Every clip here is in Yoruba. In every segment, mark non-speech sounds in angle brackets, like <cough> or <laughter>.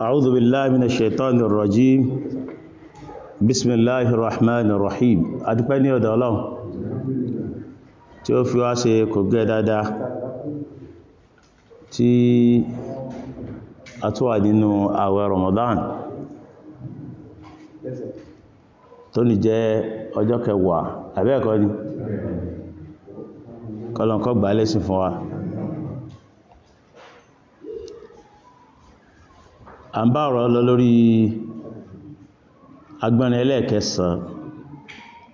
أعوذ بالله من الشيطان الرجيم بسم الله الرحمن الرحيم adúpẹ́ ní ọ̀dọ̀ Ọlọ́run tí ó fi wá ṣe kò gẹ́ dáadáa tí a tó wà nínú àwẹ̀ Ramadan tó ní jẹ́ ọjọ́ kẹwàá àbẹ́ẹ̀kọ́ ni kọlọ̀nkọ́ gbà lẹ́sìn fún wa a ń bá ọ̀rọ̀ lọ lórí agbọ́nrin ẹlẹ́ẹ̀kẹsàn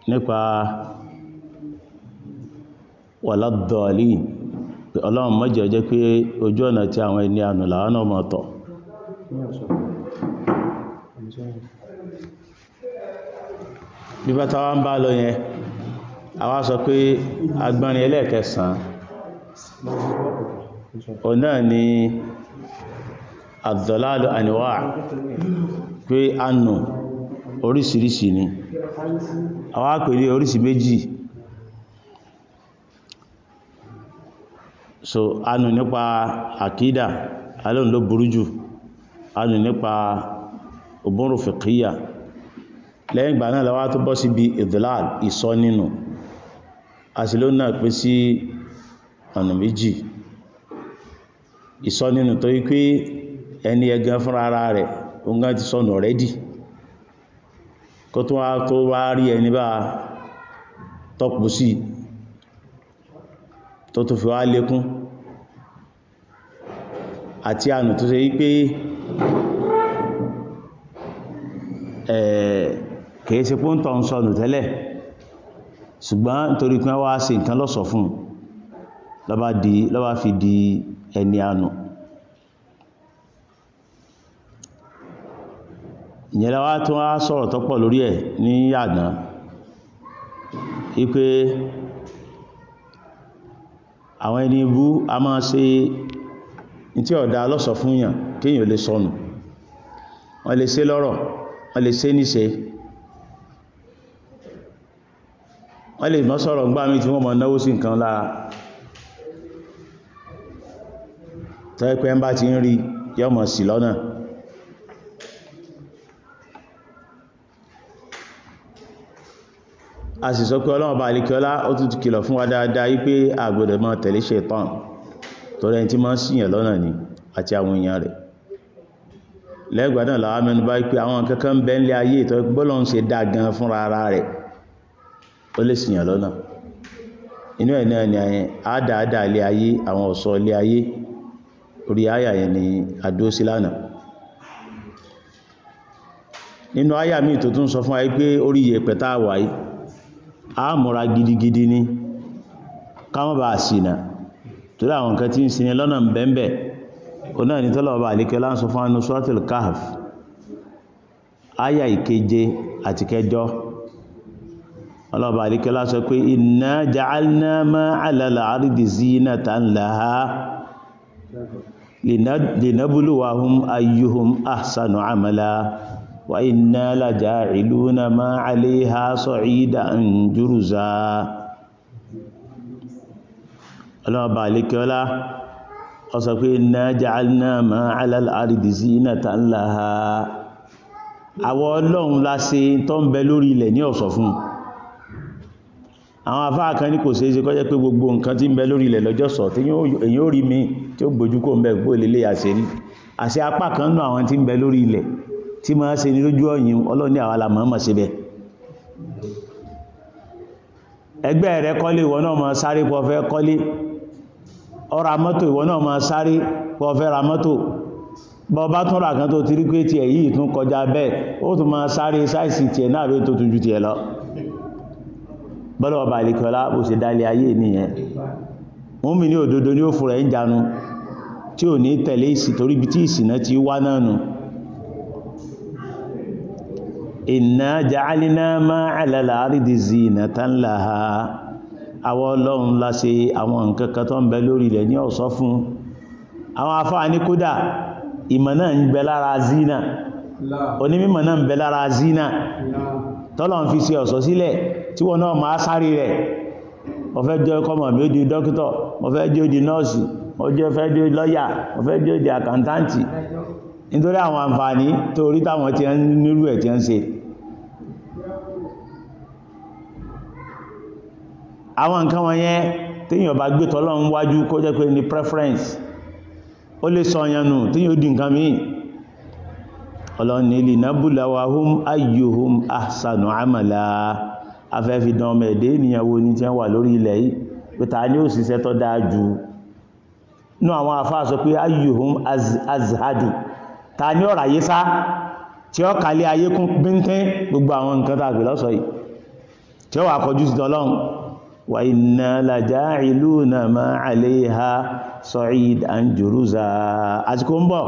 nípa wàládọ̀ọ̀lì ọlọ́run mọ́jẹ̀ jẹ́ pé ojú ọ̀nà tí àwọn ẹni ànù làwọn náà mọ̀ bí bá tàwà ń bá lọ yẹn àwa sọ pé agbọ́nrin ẹlẹ́ẹ̀kẹsàn òun ni àdọ̀láàlù àníwà pé anù orísìírísìí ni àwọn àpèlé orísìí méjì so anù nípa àkídà alóhun ló burú jù anù nípa òbúnrò fìkíyà lẹ́yìn ìgbà náà lọ́wọ́ tó bọ́ sí bí ìdọ̀láàlù ìsọ nínú àsìlò náà pé sí ọ̀nà méjì ìsọ nínú tó yí pé ẹni ẹgan fún ara rẹ̀ oúnjẹ ti sọnù rẹ́dì kó tó wá tó wá rí ẹni bá tọ́pù sí tó tó fi wá lékún àti ànù tó ṣe wípé kìí ṣe pó ń tọ́ ń sọnù tẹ́lẹ̀ ṣùgbọ́n nítorí pé wá ṣe nǹkan lọ́sọ̀ fún lọ́bá fi di ẹni ànù ìyẹn la wá tó wá sọ̀rọ̀ tó lórí ẹ̀ ní àná wípé àwọn ẹni ibú a máa ṣe tí ọ̀dá lọ́sọ̀ fún yàn kéèyàn lè sọnù wọ́n lè ṣe lọ́rọ̀ wọ́n lè ṣe níṣe wọ́n lè mọ́ sọ̀rọ̀ ńgbà mí tí wọ́n mọ̀ náwó sí nǹkan lára tẹ́ẹ̀pẹ́ ń bá ti ń rí yọ́mọ̀ sí lọ́nà a sì sọ pé ọlọ́run bá alikiola ó tún kìlọ̀ fún wa dáadáa wípé a gbọ́dọ̀ máa tẹ̀lé ṣẹ̀tán torí ẹni tí máa ń ṣìyàn lọ́nà ni àti àwọn èèyàn rẹ̀ lẹ́gbàá náà làwọn mẹ́nu bà pé àwọn kankan ń bẹ ń lé ayé ìtọ́ bọ́lọ̀ ń ṣe dá gan fúnra ara rẹ̀ ó lè ṣìyàn lọ́nà inú ẹ̀ náà ni àádáadáa ilé ayé àwọn ọ̀ṣọ́ ilé ayé orí àyà yẹn ni àdó sí lánàá nínú àyà míì tó tún sọ fún wa pé orí yẹ̀pẹ̀ tá a wà a múra gidigidi ni káwọn bá ṣìnà torí àwọn nǹkan tí ń ṣìnà lọ́nà bẹ́ẹ̀bẹ̀ o náà ni tọ́lọ̀ ọba àlékẹ́ láńsọ fún anú suratul kahf áyà ìkeje àti kẹjọ ọlọ́ba àlékẹ́ láńsọ pé inna ja'alna wa inna laja'iluna ma 'alayha sa'idan juruza ọlọ́ọ̀bà alékiọlá ó sọ pé inna ja'alna ma 'ala al-ardi zinatan laha àwọ ọlọ́run la ṣe tó ń bẹ lórí ilẹ̀ ní ọ̀ṣọ́ fún àwọn afá kan ní kò ṣe é ṣe pé gbogbo nǹkan tí ń bẹ lórí ilẹ̀ lọ́jọ́sọ̀ tí èyí rí mi tí ó gbójú kó ń bẹ gbó lélé àṣírí àṣẹ apá kan nù àwọn tí ń bẹ lórí ilẹ̀ tí ma ṣe ní lójú ọ̀yìn ọlọ́ni àwọn alàmọ́mọ̀ bẹ. ẹgbẹ́ rẹ̀ kọ́lé ìwọ náà ma sáré pọ̀fẹ́ kọ́lé ọ̀rà mọ́tò ìwọ náà ma sáré pọ̀fẹ́ ra mọ́tò bọ́ bá tún rà kan tó ti rí pé kọjá bẹ́ẹ̀ ó tún ju lọ bọ́lọ̀ ọba ó sì dálé ayé nìyẹn mú mi ní òdodo ní ó fura ń janu tí ò ní iná jàálínà máa alàlàárídì sí ìnà tán láha àwọn ọlọ́run láṣe àwọn nǹkan kan tó ń bẹ lórí ilẹ̀ ní ọ̀ṣọ́ fún àwọn afọ́ ní kódà ìmọ̀ náà ń bẹ lára zina onímọ̀ náà ń bẹ lára zina tọ́lọ̀ fi sílẹ̀ tí wọ́n náà máa sáré rẹ̀ mo fẹ́ jẹ́ ó di dókítọ̀ mo fẹ́ jẹ́ di nọ́ọ̀sì mo jẹ́ fẹ́ jẹ́ lọ́yà mo fẹ́ jẹ́ di àkàntáǹtì nítorí àwọn àǹfààní torí táwọn ti ń nírú ẹ̀ ti ń àwọn nǹkan wọ̀nyẹn téèyàn bá gbé tọ́lọ́run wájú kó jẹ́ pé ní preference ó lè sọ ọyànnù téèyàn ó di nǹkan míì ọlọ́ni linabulawahum ayyuhum ahsanu amala afẹ́fi dán ọmọ ẹ̀dẹ́ ènìyàn wo ni tí wọ́n wà lórí ilẹ̀ yìí pé ta ni ó ṣiṣẹ́ tó dáa jù nú àwọn àfáà sọ pé ayyuhum azhadu ta ni ọ̀rọ̀ ayé sá tí wà iná làjá ìlú náà máa àléhà sọ́ìd àjòrúzà àsìkò ń bọ̀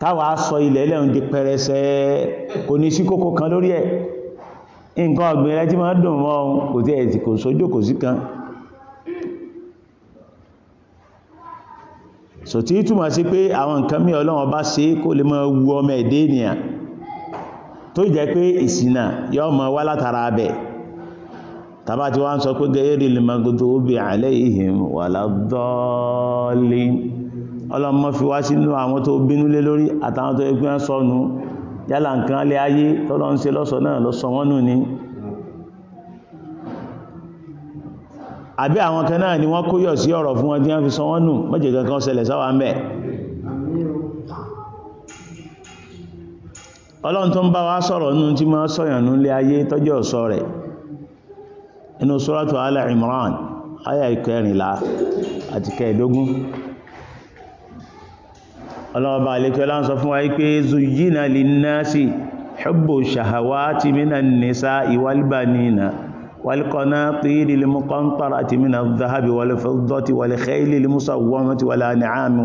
táwà sọ ilẹ̀ ilẹ̀ di pẹrẹsẹ kò ní sí kókó kan lórí ẹ̀ nǹkan ọ̀gbìn rẹ tí máa dùn mọ́ kò tí ẹ̀sì kò sójò kò sí kan so tí túmọ̀ sí pé àwọn nǹkan mí Ọlọ́run bá ṣe kó lè máa wu ọmọ ẹ̀dẹ́ ènìyàn tó jẹ́ pé ìsìnà yọ́ mọ wá látara abẹ̀ tàbá tí wọ́n sọ pé gẹ́rì lè magodo obì àlẹ́ ìhìn wà lábọ́ọ̀lì ọlọ́mọ fi wá sínú àwọn tó bínú lé lórí àtàwọn tó ẹgbẹ́ sọnù yálà nǹkan alẹ́ ayé tọ́lọ́ ń ṣe lọ́sọ náà lọ́sọ wọ́n nù ni àbí àwọn kan náà ni wọ́n kóyọ̀ sí ọ̀rọ̀ fún wọn tí wọ́n fi sọ wọ́n nù mọ́jẹ̀ kankan ṣẹlẹ̀ sáwà ń bẹ̀ ọlọ́run tó ń bá wa sọ̀rọ̀ nínú tí wọ́n sọ̀yàn nílé ayé tọ́jọ́ ọ̀sọ́ rẹ̀ inú suratu Ala Imran ayà ìkẹrìnlá àti kẹẹ̀dógún ọlọ́ọ̀bá alẹ́kẹ́lá ń sọ fún wa pé zuyyina linnasi hubbu shahawati minan nisa'i wal banina wal qanatiri al-muqantarati minaz zahabi wal fiddati wal khayli al-musawwamati wal an'ami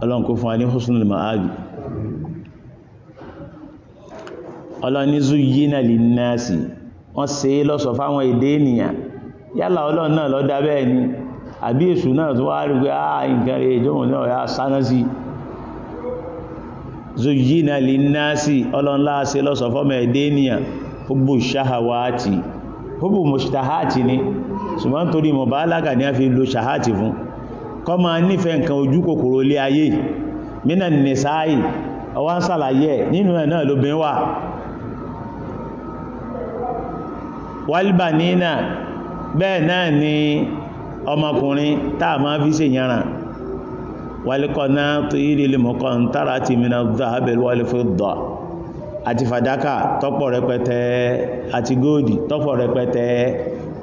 ọlọ́run kó fún wa ní husnul ma'ad ọlọ́run ní zuyyina linnasi wọ́n ṣe lọ́sọ̀ fáwọn èdè ènìyàn yálà ọlọ́run náà lọ́dá bẹ́ẹ̀ ni àbí èṣù náà tó wá rí pé àà nǹkan rẹ̀ ìjọun náà la ṣe lọ́sọ̀ fọ́mọ èdè shahawati hubbu mushtahati ni ṣùgbọ́n torí mọ̀bálága ni a fi lo shahati fún kọ́ ma nífẹ̀ẹ́ nǹkan ojú kòkòrò ilé ayé mínà nìsáì ọwá ń sàlàyé nínú ẹ̀ náà lóbin wà wálìbà nínà bẹ́ẹ̀ náà ni ọmọkùnrin táà máa fi ṣe yànràn wálìkọ́ náà tó yí lílì mọ́kọ́ ń tára ti mìíràn dáàbẹ̀lú wálìfẹ́ dọ̀ àti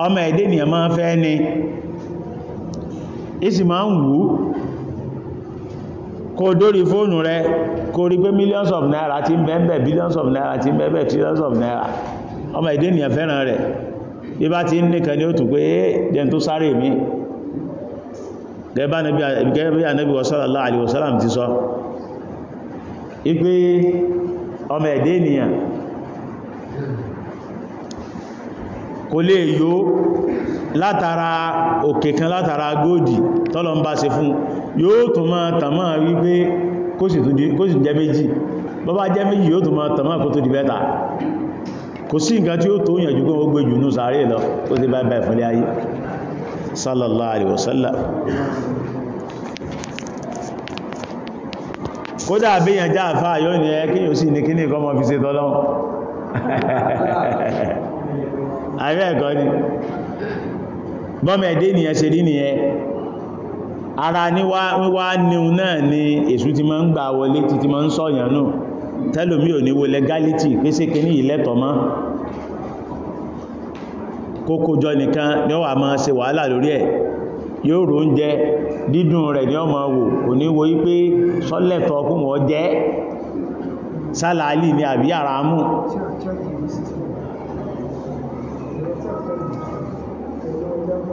ọmọ ẹ̀dẹ́ ni ìsì máa ń wú kó dórí fóònù rẹ kó rí pé millions of naira ti ń bẹ́ẹ̀bẹ̀ billions of naira ti ń bẹ́ẹ̀bẹ̀ trillions of naira ọmọ èdè ènìyàn fẹ́ràn rẹ̀ bí bá ti ń nìkan ní ó pé ẹ̀ẹ́dẹ̀n tó sáré mi kò látara òkè kan látara góòdì tọ́lọ ń bá ṣe fún yóò tún máa tàmà wípé kó sì jẹ́ méjì bọ́ bá jẹ́ méjì yóò tún máa tàmà kó tó di bẹ́ta kò sí nǹkan tí ó tó yànjú kó ó gbé jù ní sàárè lọ ó ti báyìí báyìí fúnlé ayé sallallahu alaihi wasallam kódà àbíyàn já àfá yóò ní ẹ kí yóò sì ní kíní kọmọ fi ṣe tọ́lọ́wọ́ <laughs> ààrẹ ẹ̀kọ́ ni bọ́mọ̀ ẹ̀dẹ́ ni ṣe rí nìyẹn ara níwá níun náà ni èsù ti ma ń gbà wọlé ti ti máa ń sọ̀yàn nù tẹ́lòmí ò ní legality pèsè kí ní ìlẹ́tọ̀ mọ́ kókójọ nìkan ni ó wà wàhálà lórí ẹ̀ yóò rò ń ni ó wò kò ní wo wípé sọ́lẹ̀tọ̀ wọ́n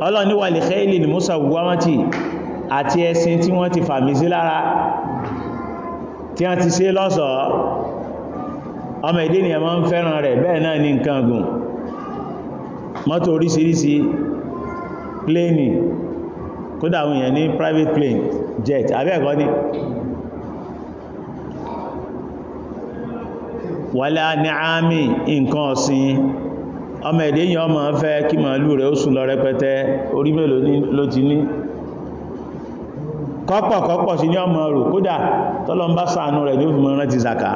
ọlọ́run ní wàlẹ̀ kẹ́ìlì ní musa wùwámátì àti ẹṣin tí wọ́n ti fàmì sí lára tí wọ́n ti ṣe lọ́ṣọ̀ọ́ ọmọ èdè ni ẹmọ ń fẹ́ràn rẹ̀ bẹ́ẹ̀ náà ní nǹkan gùn mọ́tò oríṣiríṣi pléènì kódà àwọn ní private plane jet abẹ́ẹ̀kọ́ ní wàlá ní àmì nǹkan ọ̀sìn ọmọ èdè yìí ọmọ fẹ́ kí màálù rẹ̀ ó sùn lọ rẹpẹtẹ orí mélòó ló ti ní kọ́pọ̀kọ́pọ̀ sí ní ọmọ rò kódà tọ́lọ́n bá rẹ̀ ní òfin mọ́rán ti zaka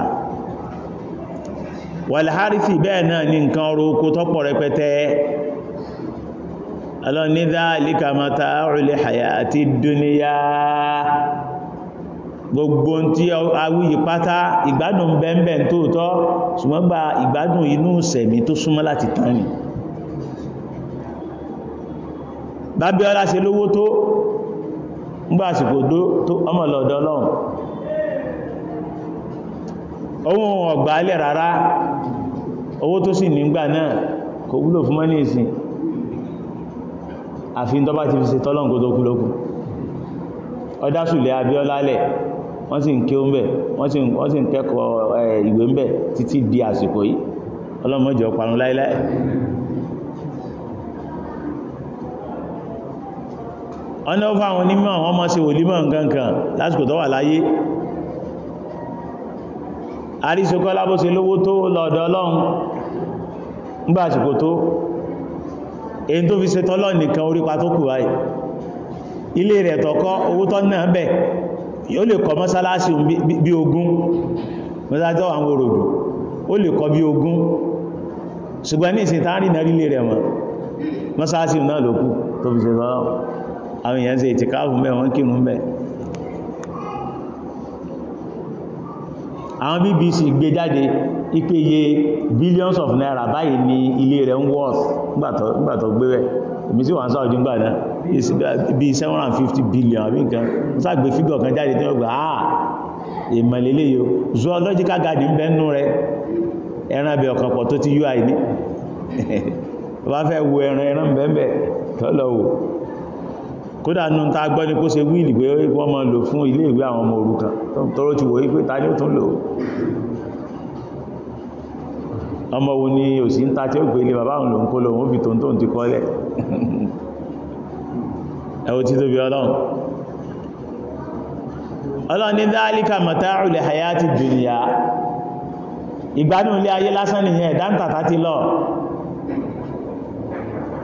wàlhárìfì bẹ́ẹ̀ náà ní nǹkan ọrọ̀ oko tọ́pọ̀ rẹpẹtẹ alọ́nídá orílẹ̀ àyà àti gbogbo tí a wúyí pátá ìgbádùn bẹ́ẹ̀bẹ̀ tóòtọ́ ṣùgbọ́n gba ìgbádùn inú sẹ̀mí tó súnmọ́ láti tán ni bábíọ́lá ṣe lówó tó ngbà àsìkò tó ọmọ lọ́dọ̀ ọlọ́run ohun ọ̀gbà alẹ́ rárá owó tó sì nígbà náà kò wúlò fún mọ́ní ìsìn àfi ti fi ṣe tọ́lọ́nkó tó kú lókù ọdásùlẹ̀ abíọ́lá wọ́n sì ń kí ó ń bẹ̀ títí di àsìkò yìí ọlọ́mọdé ọparun láìláì ọ̀nà ó fáwọn onímọ̀ wọ́n mọ́ sí wòlímọ̀ nǹkan lásìkò tó wà láyé àríṣokọ́ lábóse lówó tó lọ́dọ̀ ọlọ́run nígbà àsìkò tó èyí tó fi nìkan orípa tó kù ilé rẹ̀ tọ́kọ́ owó tọ́ náà bẹ̀ yóò lè kọ mọ́sálásí bí ogún mọ́sálásí àwọn oròdù ó lè kọ bí ogún ṣùgbọ́n ní ìsìn tán rí náà rílé rẹ̀ wọ́n mọ́sálásí náà lókù tó fi ṣe sọ́rọ̀ àwọn èèyàn ṣe ìtìkáàfù mẹ́ wọ́n kírun àwọn bbc gbé jáde ìpéye billions of naira báyìí ni ilé rẹ̀ ń worth nígbàtọ̀ gbé rẹ̀ èmi sí wọ́n sáwọ́dí gbà náà bí 750 billion àbí nǹkan sáàgbé fígọ̀ kan jáde tí wọ́n gbà áà ah, ìmọ̀lélé yóò zoological garden bẹ́nu rẹ̀ ẹran abẹ ọ̀kan pọ̀ tó ti ui ní wọ́n fẹ́ wo ẹran ẹran bẹ́ẹ̀ bẹ́ẹ̀ tọ́lọ̀ wò kódà nù ta gbọ́ ní kó ṣe wíìlì pé wọ́n máa lò fún ilé ìwé àwọn ọmọ òrukàn tọ́rọ ti wòye pé ta ní ó tún lò ọmọ wo ni òsì ń ta tí ó gbé ilé bàbá òun lòun kó lòun ó fi tó ti kọ́lẹ̀ ẹwọ tí tóbi hayati dunya ìgbádùn ilé ayé lásán nìyẹn dáńtàtà ti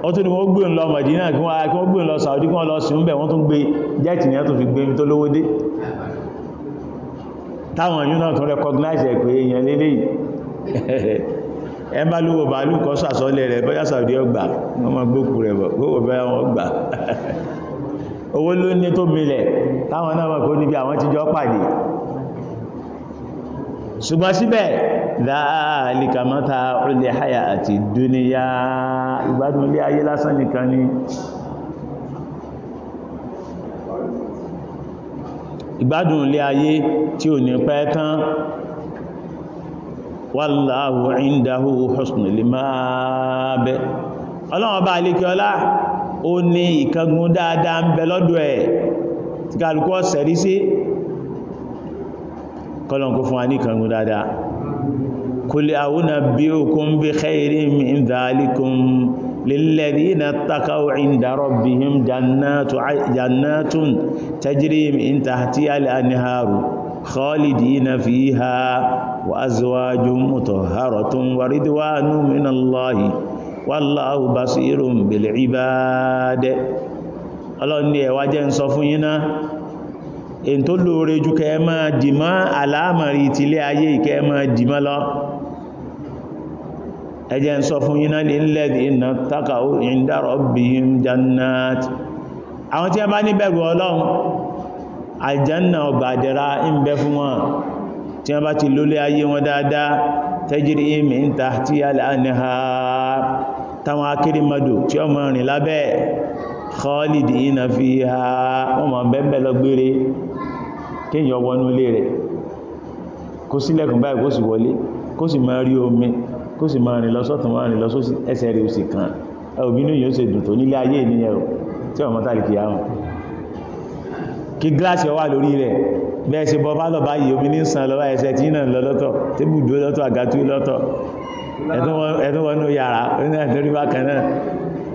ó tún ní wọ́n gbé ń lọ Mọ̀dínà kí wọ́n gbé ń lọ Saudi kí wọ́n lọ sí ń bẹ̀ wọ́n tún gbé jẹ́ẹ̀tì ní ẹ́tùn fi gbé mi tó lówó dé táwọn yóò náà tún recognize ẹ̀ pé èèyàn lélẹ̀ yìí <laughs> ẹ bá lówó bàálù kọ́ sàsọ́lẹ̀ rẹ̀ bọ́yá Saudi ọgbà wọ́n máa gbókù rẹ̀ bọ̀ gbówó bẹ́ẹ̀ wọ́n gbà <laughs> owó ló ní tó milẹ̀ táwọn náà mọ̀ kó níbi àwọn tíjọ́ pàdé ṣùgbọ́n síbẹ̀ láàlìkà mọ́ta olè háyà àti dúníyà ìgbádùn ilé ayé lásán nìkan ni ìgbádùn ilé ayé tí ò ní pẹ́ tán wàláhù ìndáhù husnul maab ọlọ́wọ́n bá alékẹ́ ọlá ó ní ìkángun dáadáa ń bẹ lọ́dọ̀ ẹ̀ kọ́lọ̀n kó fún wa ní kangun dáadáa qul a'unabbi'ukum bi khayrin min dhalikum lilladhina ttaqaw 'inda rabbihim jannatun tajri min tahtiha al-anharu khalidina fiha wa azwajun mutahharatun wa ridwanun min Allahi wallahu basirun bil 'ibad ọlọ́ni ẹ̀wà jẹ́ ń sọ fún yín èyí tó lóore jù kẹ máa dìmọ́ àlámọ̀rí ti ilé ayé ìkẹ máa dìmọ́ lọ ẹjẹ́ ń sọ fún yín náà lilladhina taqaw inda rabbihim jannat àwọn tí a bá ní bẹ̀rù ọlọ́run àjánà ọgbà àdẹ̀ra ń bẹ fún wọn tí wọ́n bá ti lólé ayé wọn dáadáa tajri min tahtihal anhar táwọn akérèmọdò tí ó rìn lábẹ́ khalidina fiha wọ́n máa bẹ́ẹ̀ kéèyàn wọnú ilé rẹ̀ kó sílẹ̀kùn báyìí kó sì wọlé kó sì máa rí omi kó sì máa rìn lọ́sọ̀tún máa rìn lọ́sọ̀sí ẹsẹ̀ rẹ̀ òsì kan ẹ̀òbínú yóò ṣe dùn tó nílé ayé ènìyàn tí ọmọ tàbí àrùn kí gíláàsì ọwà lórí rẹ̀ bẹ́ẹ̀ ṣe bọ́ bá lọ báyìí omi ní sàn lọ́wọ́ ẹsẹ̀ tí náà lọ lọ́tọ̀ tébù dúró lọ́tọ̀ àgàtú lọ́tọ̀ ẹ̀tún wọnú yàrá onídàájọ́rí bákan náà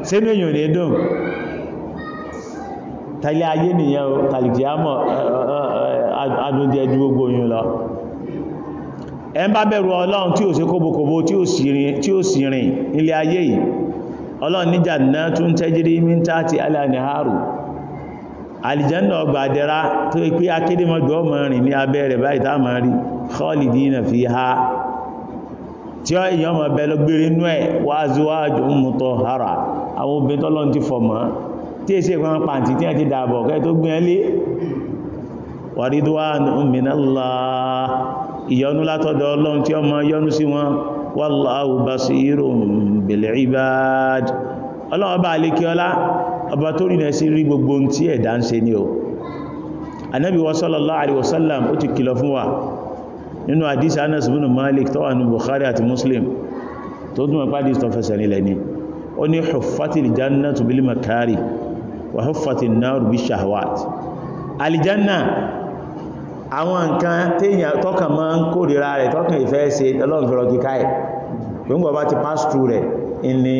sínú èèyàn ní dùn tàlẹ́ ayé nìyẹn o tàlìkì àmọ́ adùn díẹ̀ ju gbogbo yìí lọ ẹ ń bá bẹ̀rù ọlọ́run tí ò sí kóbòkòbò tí ò sì rìn ilé ayé yìí ọlọ́run ní jannatun tajri min tahti al-anharu àlìjánà ọgbà àdẹ́rá tó pé akédèmọ́gbà ọmọ rìn ní abẹ́ rẹ̀ báyìí tá a máa rí khalidina fiha tí ó ẹ̀ ti dàbọ̀ kẹ́ tó gbìyànlé wa ridwanun minallah ìyọnú látọ̀dọ̀ ọlọ́run tí ọmọ yọnú sí wọn wallahu basirun bil ibad ọlọ́run bá lè kí ọlá ọba tó rìnà sí rí gbogbo tí ẹ̀dá ń ṣe ní o anábi sallallahu alaihi wasallam ó ti kìlọ̀ fún wa nínú àdísà Anas ibn Malik tó wà ní Bukhari àti àwọn nǹkan téèyàn tọ́kàn máa ń kórìíra rẹ̀ tọ́kàn ìfẹ́ ṣe ọlọ́run fẹ́rọ kíká ẹ̀ gbogbo ọba ti pass through rẹ̀ ni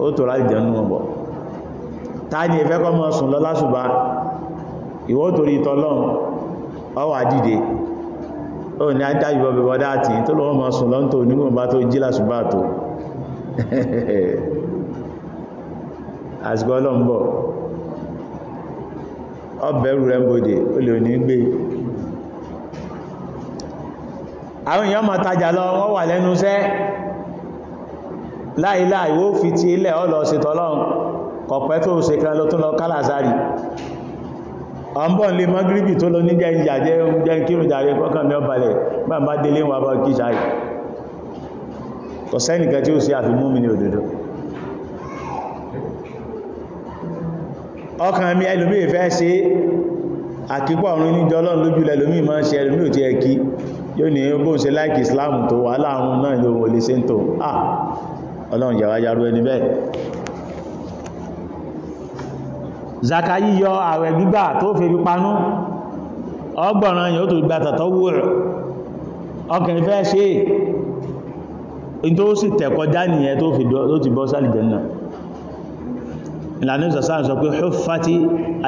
ó tó láti jẹun nù ọ̀bọ̀ ta ni ìfẹ́ kọ́ mọ́ sùn lọ lásùbà ìwọ́ torí tọ́lọ́run ọwà dìde ó ní ajá ìbọ̀ bẹ̀bọ̀ dáàtì tó lọ́wọ́ mọ́ <laughs> ọbẹ̀rù rẹ̀ ń bòdè ó ò ní gbé àwọn èèyàn ma tajà lọ wọ́n wà lẹ́nu iṣẹ́ láìláì wó fi ti ilẹ̀ ọlọ ṣètọ́lọ́run kọ̀pẹ́ tó ṣe kan ló tún lọ kálàsárì ọmọ lè mọ́ gírígì tó lọ ní jẹ́ ìyàjẹ́ oúnjẹ kírùn jàre kọ́kàn mẹ́ ọbalẹ̀ bá bá délé wọn bá kí ẹ̀kí yóò ní bóò ṣe láìkì islam tó wà láàrùn náà yóò wọlé sí tó ah ọlọ́run yàwá yarú ẹni bẹ́ẹ̀ zaka yíyọ ààrẹ gbígbà tó fi fi panú ọgbọ̀nràn yóò tó gba tàtọ́ wò rẹ̀ ọkùnrin fẹ́ ṣe in tó sì tẹ̀kọjá nìyẹn tó ti bọ́ sí àlìjẹ́nà ìlànà ìsọ̀sáà sọ pé huffati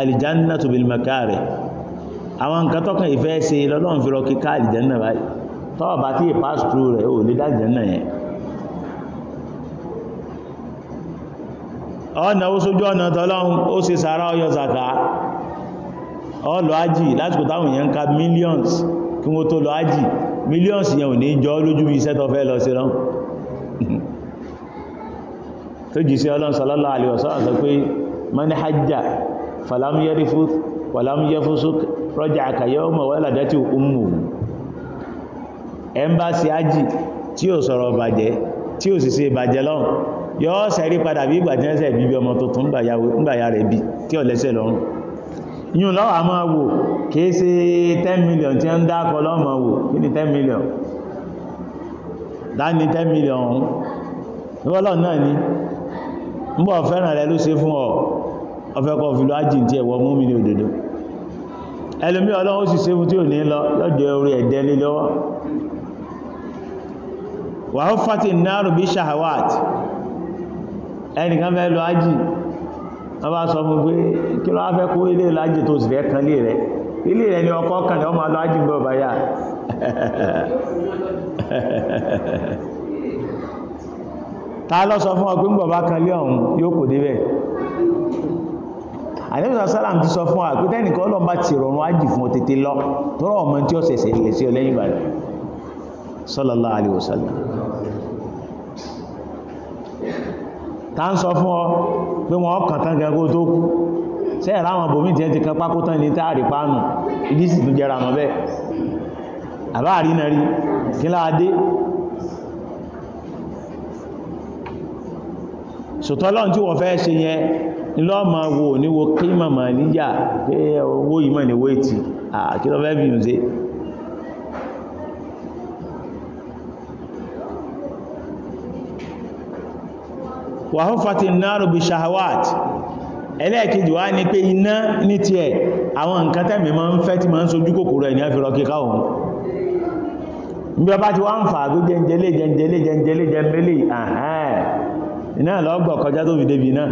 aljannatu bil makari àwọn nǹkan tọ́kàn ìfẹ́ ṣe lọ́lọ́run fi rọ kíká àlìjẹ́nà báyìí tọ́ọ̀ bá tí pass through rẹ̀ ò lè dájẹ́nà yẹn ọ̀nà ó sójú ọ̀nà tọ́lọ́run ó sì sàárá ọyọ zàkà ọlọ ájì lásìkò táwọn èèyàn ń ka millions kí wọ́n tó lọ ájì millions yẹn ò ní jọ lójú iṣẹ́ tó fẹ́ lọ sí lọ́n <laughs> tó jì sí ọlọ́run sallallahu alaihi wasallam sọ pé man hajja falam yarifut wàlám yẹ fún só rọ́jà àkàyẹ́ ọmọ wọ́lá dátí umu ẹmbásí ájì tí ó sọ̀rọ̀ bàjẹ́ tí ó sì ṣe bàjẹ́ lọ́n yọ́ sẹ̀rí padà bí ìgbà tí ẹsẹ̀ bíbí ọmọ tuntun ńgbàyà rẹ̀ bí tí ó lẹ́sẹ̀ lọ́rùn yíò lọ́wọ́ a million tí ni 10 million dání 10 million ọ̀hún níwọ́lọ́ náà ni ń bọ̀ fẹ́ràn rẹ̀ ló ṣe fún ẹ̀wọ̀ mú mi ní òdòdó ẹlòmí ọlọ́run sì séfún tí ò ní lọ lọ́jọ́ orí ẹ̀dẹ́ lé lọ́wọ́ wà ó fàtí náàrù bí shahawat ẹnìkan fẹ́ lọ ájì wọ́n bá sọ fún pé kí ló fẹ́ kó ilé lájì tó sì fẹ́ kan lé rẹ̀ ilé rẹ̀ ni ọkọ̀ kan máa lọ ájì báyà <laughs> ta lọ sọ fún ọ àdébìsọ̀ sálàm ti sọ fún wa pé tẹ́nìkan ọlọ́run bá ti rọrùn ájì fún ọ tètè lọ tọ́rọ ọmọ tí ó ṣẹ̀ṣẹ̀ lè sí ọ lẹ́yìn ìbàdàn sallallahu alaihi wasallam ta ń sọ fún ọ pé wọn ọkàn tán gẹ́gẹ́ tó kú sẹ́ẹ̀rá àwọn bòmí tí ẹ ti kan pákó tán ní táàrí pánù ìdí sì tún jẹra mọ́ bẹ́ẹ̀ àbáàrí náà rí kí láadé sòtọ́lọ́n tí wọ́n fẹ́ ṣe yẹn ilọ́ ma wo kíma ma níyà pé owó yìí mọ̀ ní wéètì àkílọ́ fẹ́ fi ṣe wàhúfàtí náàrù bí ṣahawat ẹlẹ́ẹ̀kejì wá ní pé iná ní ti ẹ̀ àwọn nǹkan tẹ́mì ma ń fẹ́ tí ma ń sojú kòkòrò àfihàn òun níbi ọba wọ́n ń fà jẹnjẹlé jẹnjẹlé jẹnjẹlé iná lọ́gbọ̀ kọjá tó fi débi náà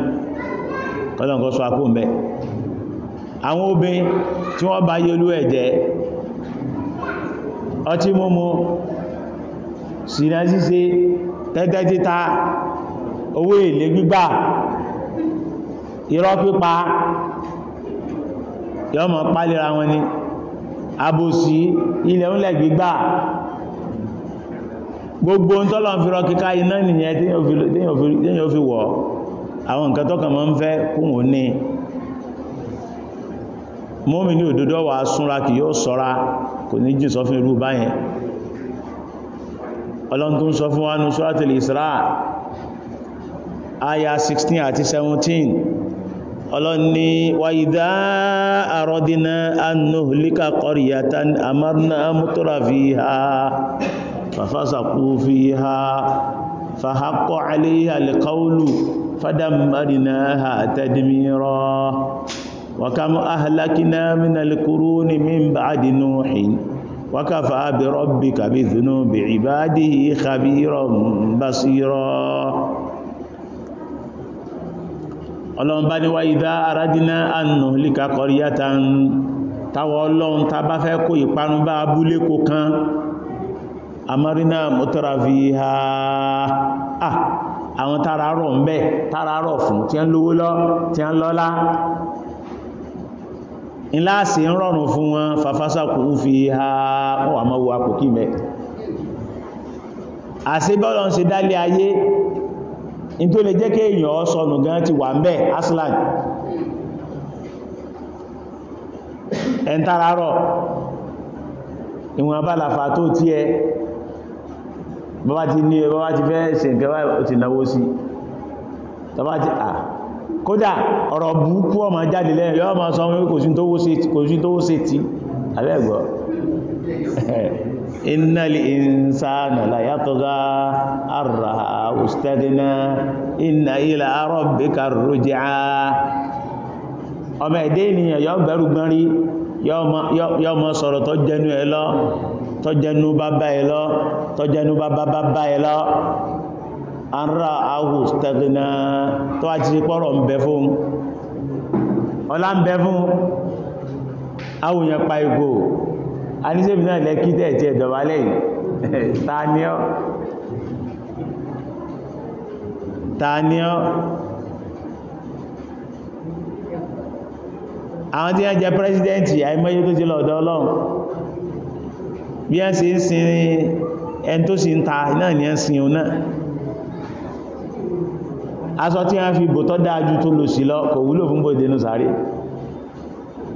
kọ́lọ̀nkọ́ sọ apó mẹ́ àwọn obìnrin tí wọ́n bá yẹ olú ẹ̀jẹ́ ọtí múmú sínà ṣíṣe tẹ́tẹ́ títa owó èlé gbígbà irọ́ pípa yọmọ pálíra wọn ni àbòsí ilẹ̀ ńlẹ̀ gbígbà gbogbo ń tọ́lọ̀ ń fi rọ kíká iná nìyẹn téèyàn fi wọ̀ ọ́ àwọn nǹkan tọ́kàn mọ́ ń fẹ́ kún ò ní mọ́mí ní òdòdó wà súnra kì yóò sọ́ra kò ní jìn sọ fún irú báyẹn ọlọ́n tó ń sọ fún wánú suratul Isra aya 16 àti 17 ọlọ́n ni wa idha aradna an nuhlika qaryatan amarna mutra fiha fafasaqu fiha fahaqqo alayha alqawlu فدمرناها تدميرا وكم أهلكنا من القرون من بعد نوح وكفى بربك بذنوب عباده خبيرا بصيرا ọlọ́run bá ní wá ìdá àrádínà ànà líka kọríyàtà ń tàwọ ọlọ́run ta bá fẹ́ kó ìparun bá abúlé kò kan àmọ́rínà mọ́tọ́ra fi ha ah, àwọn tààrà rọ̀ ń bẹ́ tààrà rọ̀ fún tí a ń lówó lọ tí a ń lọ́lá ìláàsì ń rọrùn fún wọn fàfásàkù ń fi ha ọwà mọ́ wo apòkí mẹ́ àṣẹ bọ́lọ̀ ń ṣe dálé ayé in tó lè jẹ́ kí èèyàn sọnù gan ti wà ń bẹ́ aslan ẹ̀ntàràrọ̀ ìwọ̀n abálàfà tó tí ẹ bàbá ti ní bàbá ti fẹ́ ṣe nǹkan bá ti náwó sí bàbá ti à kódà ọ̀rọ̀ burúkú ọmọ jáde lẹ́yìn yọ́ ma sọ wípé kò sí tó wó sí ti alẹ́gbọ́ <laughs> innal insana la yatgha arra ustadina inna ila rabbika yọ́ mọ́ sọ̀rọ̀ tó jẹnu ẹ lọ tó jẹnu bàbá ẹ lọ tó jẹnu bàbá bàbá ẹ lọ ara ahù stẹ̀gbìnà tó a ti rí pọ́rọ̀ ń bẹ fún ọlá ń bẹ fún awòyàn pa ìgbò a ní sẹ́bì náà lẹ́kí tẹ̀ẹ̀tẹ̀ ẹ̀dọ̀wálẹ̀ <laughs> tàníọ́ tàníọ́ àwọn tí wọ́n jẹ pírẹsidẹ́ntì àìmọye tó ti lọ́dọ̀ ọlọ́run bí wọ́n ṣe ń sin ẹni tó sì ń ta náà ni ẹ́ sin òun náà aṣọ tí wọ́n fi bòtọ́ dáájú tó lò sí lọ kò wúlò fún bòdénú sáré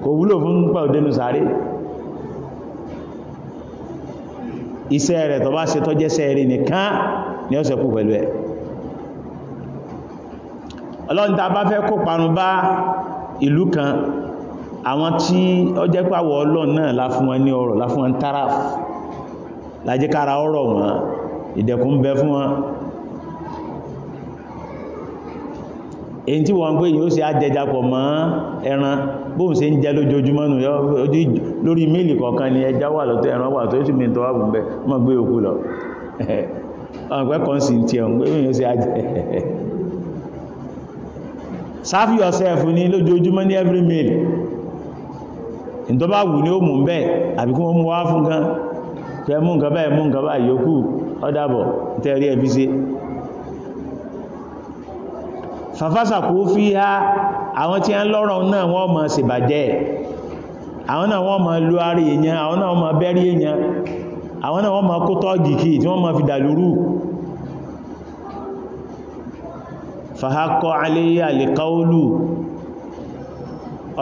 kò wúlò fún bòdénú sáré iṣẹ́ rẹ̀ tó bá ṣe tó jẹ́ṣẹ́ rẹ̀ nìkan ni ó sẹ́kù pẹ̀lú ẹ̀ ọlọ́run tá bá fẹ́ kó parun bá ìlú kan àwọn tí ó jẹ́ pàwọ̀ ọlọ́run náà láfún wọn ní ọrọ̀ láfún wọn taraf lájíkára ọrọ̀ wọn ìdẹ̀kùn bẹ fún wọn èyí tí wọ́n pé yóò ṣe àjẹjapọ̀ mọ́ ẹran bóhùn ṣe ń jẹ́ lójoojúmọ́ nù lórí mílì kọ̀ọ̀kan ni ẹja wà ẹran wà tó sì mi tọ́wà mọ́ gbé òkú lọ <laughs> ọ̀pẹ́ kan sì ti pé <laughs> lójoojúmọ́ ìtọ́bá wù ní ó mú bẹ́ẹ̀ àbí kí wọ́n mú wá fún kan pẹ mú nǹkan báyìí mú nǹkan báyìí yókù ọ́dàbọ̀ tẹ́rí ẹbí sí fàfásà kó fi ha àwọn tí a ń lọ́rọ̀ náà wọ́n máa ṣèbàjẹ́ àwọn náà wọ́n máa lu ara èèyàn àwọn náà wọ́n máa bẹ́rí èèyàn àwọn náà wọ́n máa kó tọ́ọ̀gì kí tí wọ́n máa fi dàlúrú fàhákọ́ aléyà lè káólù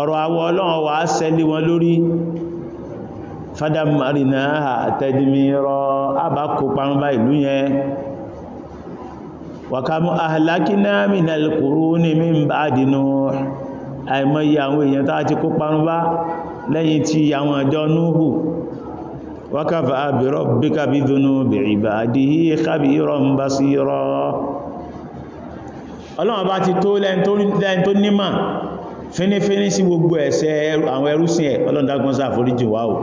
ọ̀rọ̀ àwọ ọlọ́run wà sẹ́lé wọn lórí fádàmàrìnà àtẹ́dìmírọ àbákópa ń bá ìlú yẹn wàkàmù àhàlákínà mìnàlì kòrò ní mímbà dínú àìmọye àwọn èèyàn tàà ti kó parun bá lẹ́yìn tí àwọn àjọ núhù wákàfà àbìrọ̀ bí kàbí ọlọ́run bá ti tó lẹ́n tó nímà fínífíní sí gbogbo ẹ̀ṣẹ̀ àwọn ẹrúsìn ẹ̀ ọlọ́dágún ṣàforíjì wá o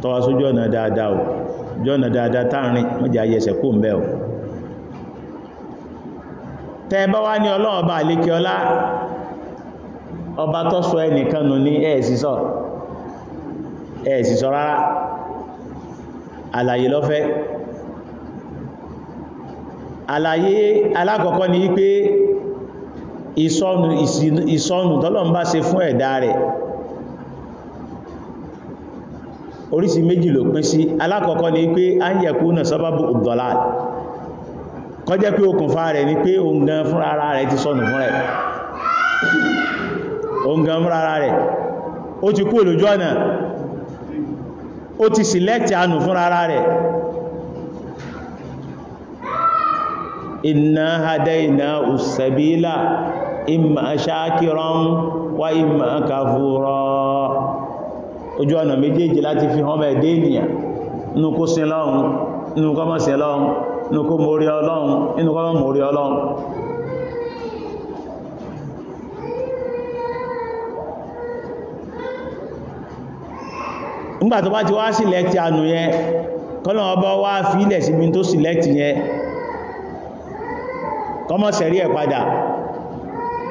tọ́wa sójú ọ̀nà dáadáa o jọ dáadáa táàrin mọ́jà ayẹsẹ̀ kó ń o tẹ́ wá ní ọlọ́run ọba ọlá ọba tó sọ ní rárá ni wípé ìsọnù ìsọnù tọ́lọ̀ ń bá ṣe fún ẹ̀dá rẹ̀ oríṣi méjì ló pín sí alákọ̀ọ́kọ́ ni pé a ń yẹ̀kú náà sábàbù ọ̀dọ̀lá kọjẹ́ pé okùnfà rẹ̀ ni pé òun gan fún ara rẹ̀ ti sọnù fún rẹ̀ òun fún ara rẹ̀ ó ti kú olójú ọ̀nà ó ti sílẹ̀tì anù fún ara rẹ̀ inna hadaina usabila imma shakiran wa imma kafura ojú ọ̀nà méjèèjì lati fi hàn mẹ́ẹ̀dé ènìyàn inú kó sin lọ́run inú kó má sin lọ́run inú kó mórí ọlọ́run inú kó má mórí ọlọ́run nígbà tó bá ti wá ọba wá fílẹ̀ tó yẹn kọmọ̀ sẹ̀rí ẹ̀ padà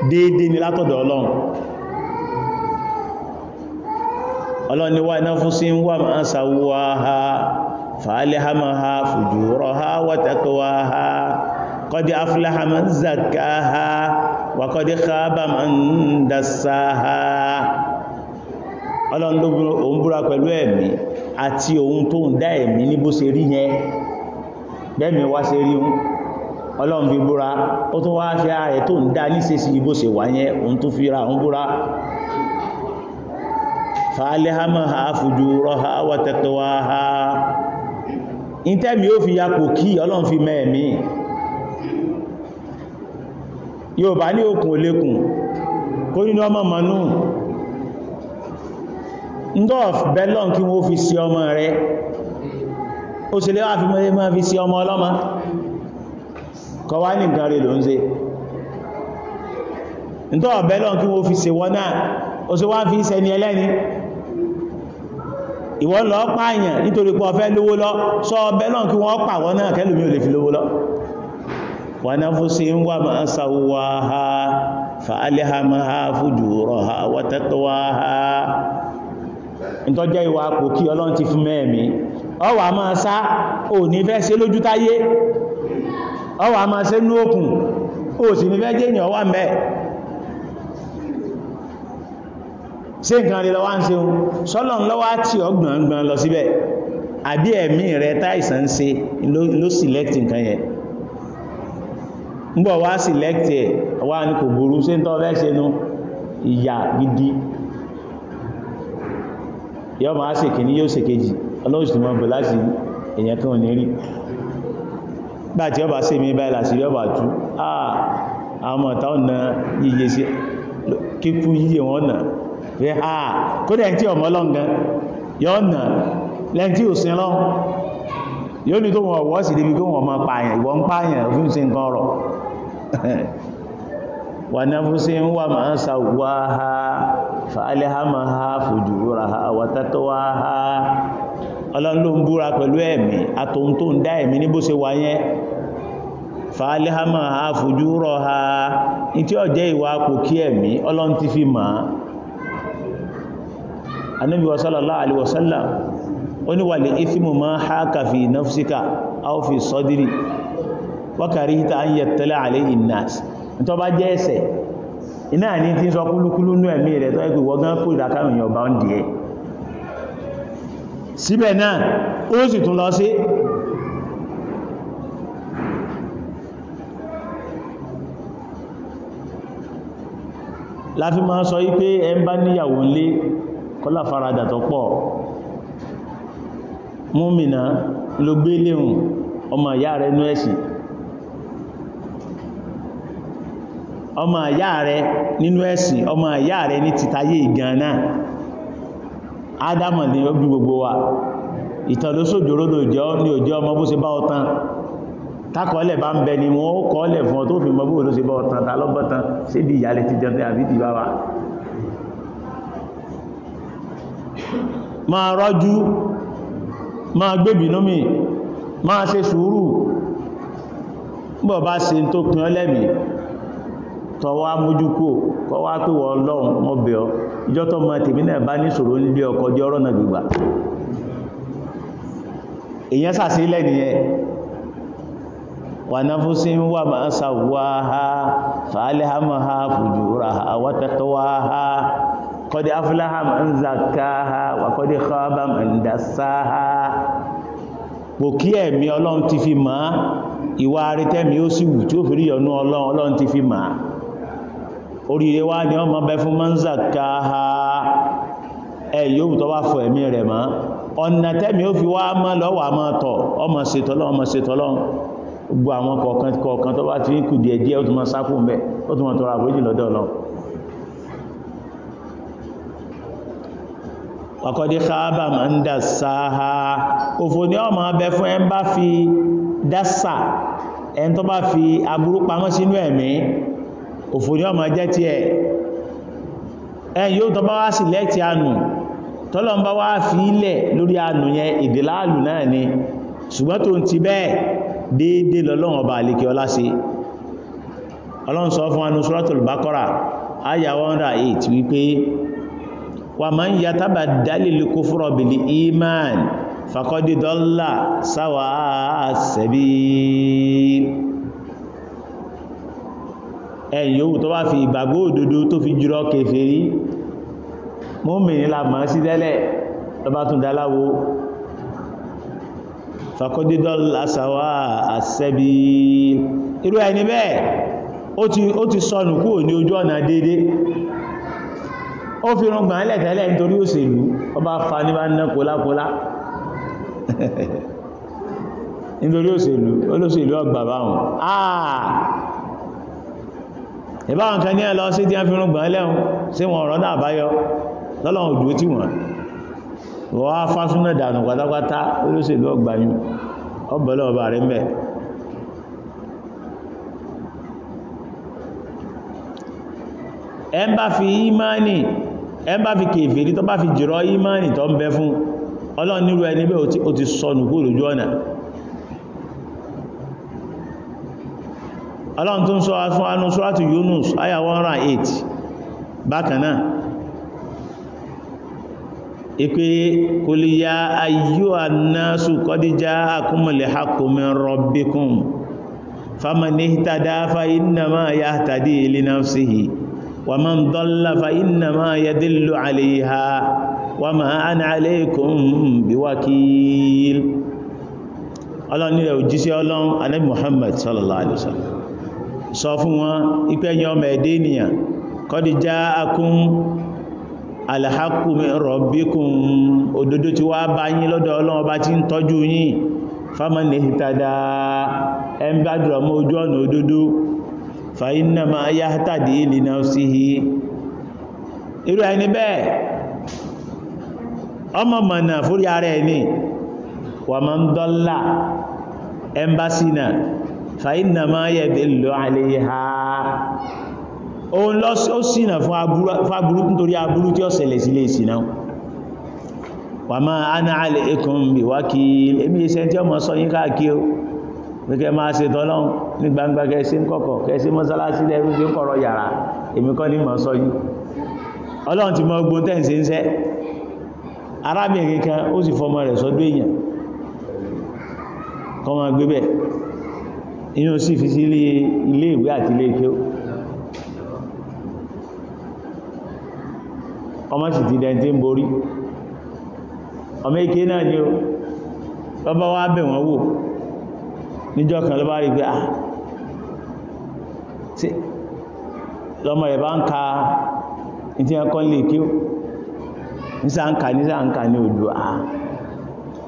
déédé ni látọ̀dọ̀ ọlọ́run ọlọ́run ni wá iná fún sí wà máa sàwọ́ ha fàálẹ́hámà ha fùjúrọ̀ ha wàtàkọwà ha kọ́dí afúláhámà zaka ha wàkọ́dí ń dasa ha ọlọ́run ló ń búra pẹ̀lú ń dá ẹ̀mí ní ọlọ́run fi búra ó tó wá fi ara rẹ̀ tó ń dá níṣẹ́sí ibò ṣe wà yẹn òun tó fi ra òun búra fàálẹ́hámọ́ha fùjú rọ́ha wọ́tẹ́tẹ́wà ha ìtẹ́mi ó fi yapò kí ọlọ́run fi mẹ́ẹ̀mí yóò bá ní òkun olékun kó nínú ọmọ mọ̀nú ndọ́f bẹ́lọ́n kí wọ́n fi sí ọmọ rẹ̀ ó sì fi mọ́ fi sí ọmọ ọlọ́mọ kọ wá ní nǹkan rẹ̀ ló ń ṣe ǹtọ́ ọ̀bẹ́ lọ kí wọ́n fi ṣe wọ́n náà o ṣe wá fi ń sẹni ẹlẹ́ni ìwọ́n lọ pààyàn nítorí pé ọ̀fẹ́ lówó lọ sọ ọ̀bẹ́ lọ kí wọ́n pà wọ́n náà kẹ́lùmí ò lè fi lówó lọ wà náà fún sí ń wà máa sá ọwà máa ṣe ní òkun ó sì ní fẹ́ jẹ́yìn ọwà mẹ́ ṣe nǹkan rí lọ́wọ́ ń ṣe ohun sọ́lọ̀ lọ́wọ́ tí ọ gbọ̀ngbọ̀n lọ síbẹ̀ àbí ẹ̀mí rẹ táìsàn ṣe ló select nǹkan yẹn ńgbọ̀ wá select ẹ̀ wá ní kò burú ṣe ń tọ́ fẹ́ ṣe nu ìyà gidi yọ́ máa ṣèkíní yóò ṣèkejì ọlọ́run sì gbà ọba sí mi báyìí làṣírí ọba tú àà ọ̀nà yíye sí kíkú yíye wọn nà rẹ̀ àà kódà ẹni tí ọmọ ọlọ́ngan yọ nà lẹ́ni tí ò sin lọ yóò ní tó wọn ọ̀wọ́ sí débi pé wọn máa pààyàn ìwọ ń pààyàn òfin sí nǹkan ọ̀rọ̀ <laughs> wà náà fún sí ń wà máa ń sa wá ha fàálẹ́ ha máa ha fòjò rà ha wà tátọ́ wá ha ọlọ́run ló ń búra pẹ̀lú ẹ̀mí àtòun tó ń dá ẹ̀mí níbó ṣe wà yẹn fàálẹ́hámà ha fojú rọ̀ ha ní tí ó jẹ́ ìwà apò kí ẹ̀mí ọlọ́run ti fi máa anábi sallallahu alaihi wasallam ó ní wàlẹ̀ ìfìmù máa ha kàfì náfsíkà áwọ́fì sọ́dírì wákàrí ìta an yẹ tẹ́lẹ̀ bá ń sọ síbẹ̀ náà ó sì tún lọ sí láti máa sọ wípé ẹ ń bá níyàwó nlé kọ́lá farajà tó pọ̀ múmìnà ló gbé léhùn ọmọ ìyá rẹ̀ ní ẹ̀sìn ọmọ ìyá rẹ̀ nínú ẹ̀sìn ọmọ ìyá rẹ̀ ní titayé ìgan náà ádámọ̀ ni ó bí gbogbo wa ìtàn ló sòjòrò lòjọ́ ní òjò ọmọ bó ṣe bá ọtán tákọọ́lẹ̀ bá ń bẹ ni wọ́n ó kọ́ọ́lẹ̀ fún ọ tó fi mọ bó ló ṣe bá ọtán ta lọ́gbọ́tán ṣé bí ìyálẹ̀ ti jẹun àbí ti bá wa máa rọ́jú máa gbébìnú mi máa ṣe sùúrù bọ́ bá ṣe tó pin ọlẹ́mì tọwọ́ amójúkò kọwàá pé wọ́n lọ́run mọ́bẹ̀ọ́ ìjọ́tọ̀ mọ́ tèmi náà bá ní ṣòro nílé ọkọ̀ jẹ́ ọ̀rọ̀ náà gbígbà èyàn sàsílẹ̀ nìyẹn wà náà fún sí ń wà máa sàwọ́ ha fàálẹ́ ha máa ha fùjú ra ha wátàtọ́ wá ha kọ́dí afúláhà máa oríire wá ní ọmọ bẹ fún mọ́nsà káha ẹ yóò tọ́ wá fọ ẹ̀mí rẹ̀ mọ́ ọ̀nà tẹ́mi ó fi wá mọ́ lọ́wọ́ àmọ́ tọ̀ ọmọ ṣètọ́lọ́ ọmọ ṣètọ́lọ́ gbogbo àwọn kọ̀ọ̀kan kọ̀ọ̀kan tó bá ti ń kù díẹ̀ díẹ̀ ó tún mọ́ sákù mẹ́ ó tún mọ́ tọrọ àforíjì lọ́dọ̀ lọ ọkọ̀dé káábà máa ń dà sáá òfò ní ọmọ abẹ fún ẹ ń bá fi dásà ẹ ń tó bá fi aburú pamọ́ sínú ẹ̀mí òfò ní ọmọ jẹ́ ti ẹ̀ ẹn yóò tọ́ bá wá sí lẹ́tì anù tọ́lọ ń bá wá fi ilẹ̀ lórí anù yẹn ìdìláàlù náà ni ṣùgbọ́n tó ń ti bẹ́ẹ̀ déédé lọ́lọ́run ọba àlekè ọlá sí ọlọ́run ẹ̀yìn yòówù tó bá fi ìgbàgbọ́ òdodo tó fi jùrọ kèfèrí mọ́mìnì la mọ̀ sí tẹ́lẹ̀ tó bá tún daláwo fàkọ́dídọ́ lásàwà àṣẹ́bí irú ẹni bẹ́ẹ̀ ó ti sọnù kúrò ní ojú ọ̀nà dédé ó fi rán gbàálẹ̀ tẹ́lẹ̀ nítorí òṣèlú ó bá fa ní bá ná kólákólá <laughs> nítorí òṣèlú olóṣèlú ọgbà báwọn ah! ìbáwọn kan ní ẹlọ sí tí a fi rúgbọ̀n ẹlẹ́hun sí wọn ọ̀rọ̀ náà báyọ lọ́lọ́run òjò tí wọ́n wọ́n fásúnà dànù pátápátá olóṣèlú ọgbàyún ọbọ̀lọ́ ọba rẹ̀ mẹ́ bá fi bá fi kèfèrí tó bá fi tó ń bẹ fún ọlọ́run tó ń sọ fún anú suratu Yunus aya 108 bákanáà ìpé qul ya ayyuhan nasu qad ja'akumul haqqu min rabbikum faman ihtada fa innama yahtadi li nafsihi wa man dalla fa innama yadillu 'alayha wa ma ana 'alaykum biwakil ọlọ́run ni rẹ̀ òjíṣẹ́ ọlọ́run Ànábì Muhammad sallallahu alaihi wasallam sọ fún wọn ipẹ́yìn ọmọ ẹ̀dẹ́ ènìyàn kọ́dí já akún alhakumi rọ̀bíkùn òdodo tí wá bá yín lọ́dọ̀ bá ti ń tọ́jú yín fámọ́nì ìtàdà ẹmbádùrọ̀ ojú ọ̀nà òdodo fàínà máa tàdí ìlìnà sí i irú ẹni bẹ́ẹ̀ ọmọ mọ̀nà fúrí ara ẹni wà máa ń fàínà máa yẹ̀dẹ̀ lọ alẹ́ ha òun lọ ó sínà fún aburú nítorí aburú tí ó ṣẹlẹ̀ sílé ìsìná wà máa ana alẹ́ ikùn bí wá kí èmi iṣẹ́ tí ó mọ́ sọ yín káàkiri gẹ́gẹ́ máa ṣe tọ́lọ́un ní gbangba kẹsí ń kọ̀kọ̀ kẹsí mọ́sálásí lẹ́rú tí ń kọ̀rọ̀ yàrá èmi kọ́ ní sọ arábìnrin kan ó sì fọmọ rẹ̀ gbé bẹ́ẹ̀ inú sí fi sí ilé ìwé àti ilé ìké ọmọ sì ti dẹ̀ tí ń borí ọmọ ìké náà ni ó lọ́bá wá bẹ̀ wọ́n wò níjọ́ kan lọ́bá rí pé ah tí lọ́mọ rẹ̀ bá ń ka ìtí ẹkọ́ lè kí ó nísà ń ka nísà ń ka ní òdò àà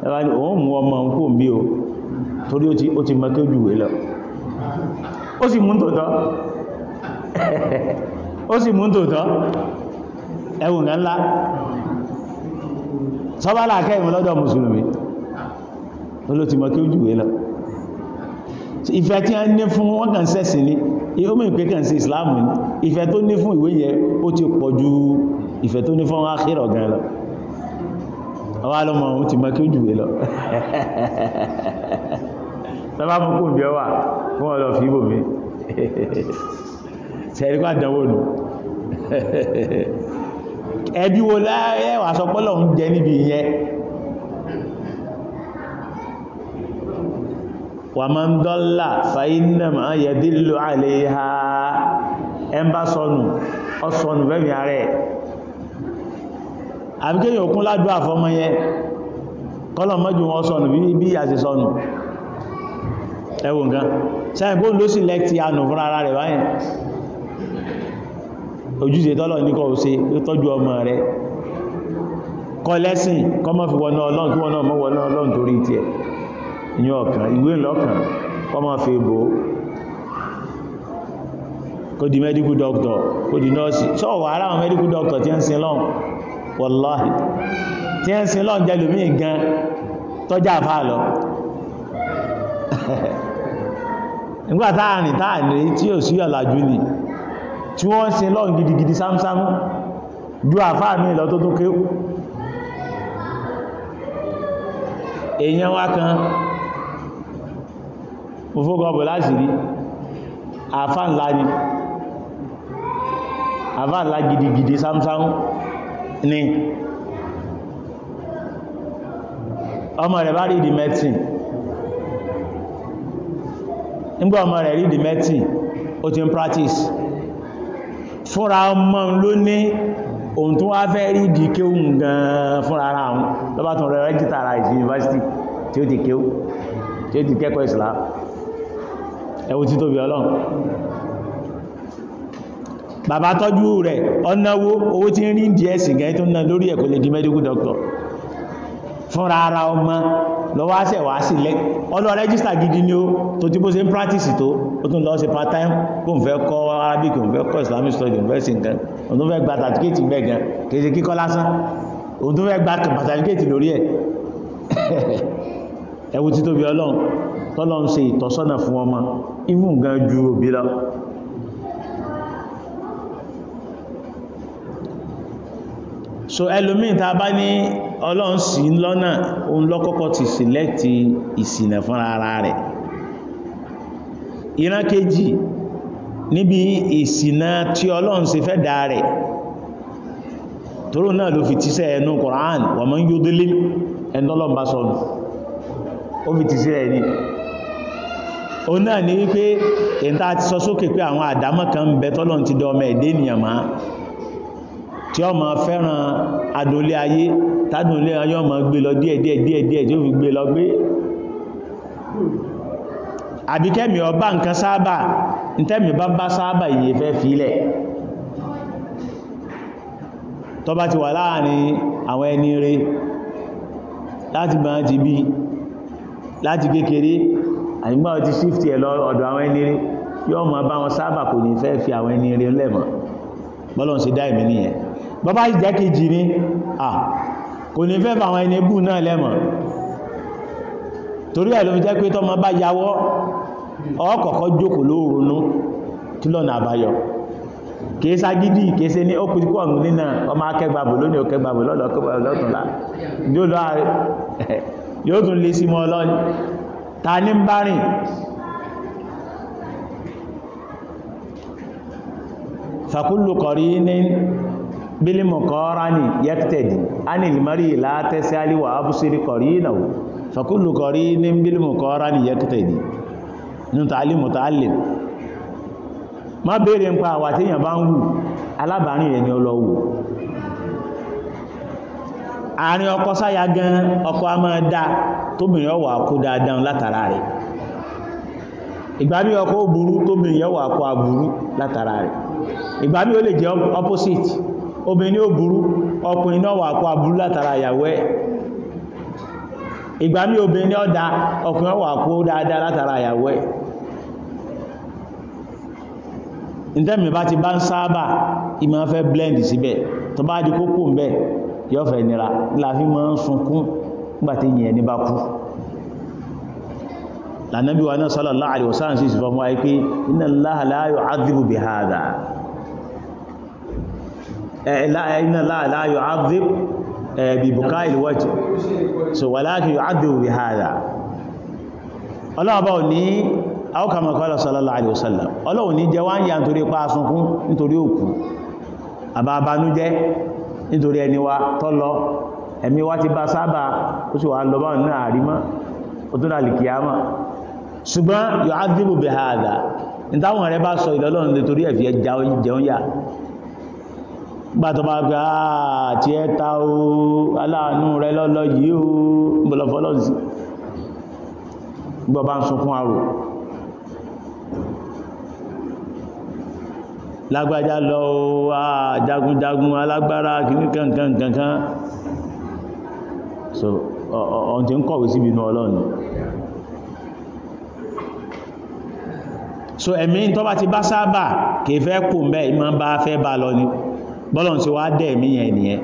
ẹwà ni òun mú ọmọ ń kò bí o torí ó ti mọ́ kí jùwé lọ ó sì mú tòótọ́ ó sì mú tòótọ́ ẹwùn rẹ̀ ńlá sọ́bálà akẹ́yìn lọ́dọ̀ mùsùlùmí olótìmọ̀ kí ó jùwé lọ ìfẹ́ tí a ní fún wọ́n kàn sẹ́sì ní ìhómi ìpé kàn sí ìsìláàmù ní ìfẹ́ tó ní fún ìwé yẹ ó ti pọ̀ ju ìfẹ́ tó ní fún ákírọ̀ gan lọ ọwá lọ́mọ ohun ti mọ́ kí ó jùwé lọ <laughs> tọ́bá púpù ń jẹ́ wà fún ọ̀lọ́ fi ibò mi tẹ́ríkọ́ àdánwò nù ẹbí wo láàrẹ àsọpọ́lọ̀ ń jẹ níbi ìyẹn wà máa ń dọ́là fàínàmà yẹ̀dílò àìlèha ẹmbá sọnù ọsọnù fẹ́mi ààrẹ àbíkẹ́yìn òkun ládùá àfọmọ yẹn kọ́lọ̀ mọ́jú wọn sọnù bí àti sọnù ẹwọ nǹkan sẹ́yìn bó ló sì lẹ́kì ànù fún ara rẹ̀ báyìí ojúṣe tọ́lọ̀ ní kọ́ ṣe ó tọ́jú ọmọ rẹ̀ kọ́ lẹ́sìn kọ́ mọ́ fi wọná ọlọ́run kí wọ́n náà mọ́ wọná ọlọ́run torí tiẹ̀ ìyún ọ̀kan ìwé ńlọ́kàn kọ́ mọ́ fi bò ó kó di medical doctor kó di nọ́ọ̀sì ṣọ́ọ̀wọ̀ ara àwọn medical doctor tí ń sin lọ́n wọ́láhì tí ń sin lọ́n jẹ́lùmí gan tọ́jà fáà lọ <laughs> nígbà táàrin táàrin tí ò sí ọ̀làjú ni tí wọ́n ń lọ́n gidigidi sámsám ju àfáà mi lọ tó tó kéwú èèyàn wá kan òfógọ́bọ̀ láti rí àfáà ńlá ni àfáà ńlá gidigidi sámsám ni ọmọ rẹ̀ bá rí ìdí mẹ́tìn nígbà ọmọ rẹ̀ rí dìmẹ́tì ó ti ń practice fúnra ọmọ ló ní ohun tó wá fẹ́ rí di kéhùn gan fúnra ara àwọn lọ́bá tún rẹ̀ rẹ́jítà ara ìsìn university tí ó ti kéhù tí ó ti kẹ́kọ̀ọ́ Islam ẹwù tí tóbi Ọlọ́run bàbá tọ́jú rẹ̀ ọ̀nàwó owó tí ń rí díẹ̀ sí gẹ́ tó ná lórí ẹ̀kọ́ lè di medical doctor fúnra ara ọmọ lọ́wọ́ àṣẹ wá sí lẹ́ ọlọ́ rẹ́gísítà gidi ni ó tó tí bó ṣe ń practice tó ó tún lọ ṣe part time kó n fẹ́ kọ́ Arabic òun fẹ́ kọ́ Islamic study òun fẹ́ ṣe nǹkan òun tó fẹ́ gba certificate bẹ́ẹ̀ gan kì í ṣe kíkọ́ lásán òun tó fẹ́ gba certificate lórí ẹ̀ <laughs> ẹ̀wù títóbi Ọlọ́run tọ́lọ́run ṣe ìtọ́sọ́nà fún ọmọ even gan ju òbí lọ so ẹlòmíì tá bá ní ọlọ́run sí lọ́nà òun lọ́kọ́kọ́ ti sílẹ̀tì ìsìnà fúnra ara rẹ̀ ìran kejì níbi ìsìnà tí ọlọ́run fẹ́ dá rẹ̀ tóró náà ló fi tíṣẹ́ ẹnu Kùránì wa man yudlil ẹndọ́lọ́n bá sọ́nù ó fi tíṣẹ́ ẹni o náà ní wípé èyí ti sọ sókè pé àwọn àdámọ́ kan ń bẹ ti ẹ̀dẹ́ ènìyàn máa tí ó ma fẹ́ràn adúlé ayé tádùnlé ayé ọmọ gbé lọ díẹ̀díẹ̀díẹ̀ tí ó fi gbé lọ gbé àbíkẹ́mì ọba nǹkan sáábà ìtẹ́mì bá bá sáábà ìyè fẹ́ fílẹ̀ tó bá ti wà láàrin àwọn ẹni rẹ̀ láti bá ti bí láti kékeré àyígbà ti shift ẹ̀ lọ ọ̀dọ̀ àwọn ẹni rẹ̀ yóò mọ̀ bá wọn sáábà kò ní fẹ́ fi àwọn ẹni rẹ̀ lẹ́mọ̀ bọ́lọ̀ sí dá ìmì nìyẹn bọ́bá ìjẹ́ kejì ní à kò ní fẹ́ fàwọn ẹni bú náà lẹ́mọ̀ torí ẹ̀ ló fi jẹ́ pé tọ́mọ bá yawọ́ ọkọ̀ọ̀kọ́ jókòó lóòrónú kí lọ́nà àbáyọ kìí ságídí kìí ṣe ní ókùnkú ọ̀run nínà ọmọ akẹgbàbò lónìí òkẹgbàbò lọ́dọ̀ ọkẹgbàbò lọ́tùnlá fàkúlù kọ̀rí ní bilimọ̀kọ́rání yẹ́kítẹ̀dì anìlìmárì látẹ́sí aríwà ábúsírí kọ̀rí ìnáwó fàkúlù kọ̀rí ní bilimọ̀kọ́rání yẹ́kítẹ̀dì ní tààlìmọ̀ tààlìm má bèèrè ń pa ni ọlọ́wù àárín ọkọ sáya gan ọkọ a máa dá tóbìnrin ọwà kó dáadáa látara ọkọ aburu latara le je opposite obìnrin oburu ó burú ọkùnrin náà wà kó aburú látara ìyàwó ẹ̀ ìgbà mí obìnrin ni ọkùnrin wà kó dáadáa látara ìyàwó ẹ̀ ìtẹ́mì bá ti bá ń sáábà ìmọ̀ fẹ́ blend síbẹ̀ tó bá di kókò ń bẹ̀ yóò fẹ́ nira láàfin mọ́ ń sunkún nígbàtí yìnyẹn ní bá kú lànàbí wa náà sallallahu alaihi wasallam Eh, inna Allaha la yu'adhib eh, bi bukai al-wajh so walakin yu'adhibu bi hadha ọlọ́ọ̀bá ò ní àwọ́kàmọ̀kọ́lọ̀ sallallahu alaihi wasallam ọlọ́wọ̀ ní jẹ wá ń yà nítorí pa asunkún nítorí òkú àbábanújẹ́ nítorí ẹni wa tọ́lọ ẹ̀mí wa ti bá sábà ó sì wà lọ bá ní àrímá ó tó dàlì kìyàmá ṣùgbọ́n yu'adhibu bi gbàtọ̀ máa gbà àti ẹta o aláàánú rẹ lọ́lọ́ yìí o bọ̀lọ̀fọ́lọ́sí gbọ́ bá ń sunkún arò lágbàjá lọ ah, jagunjagun alágbára kìníkankankan so ọ̀n tí ń kọ̀wé síbi inú ọlọ́run so ẹ̀mí tó bá ti bá sábà kèfẹ́ kò mẹ́ ìmọ̀ bá fẹ́ bá lọ ni. So, bọ́lọ̀ ti wá dẹ̀ mí yẹn nìyẹn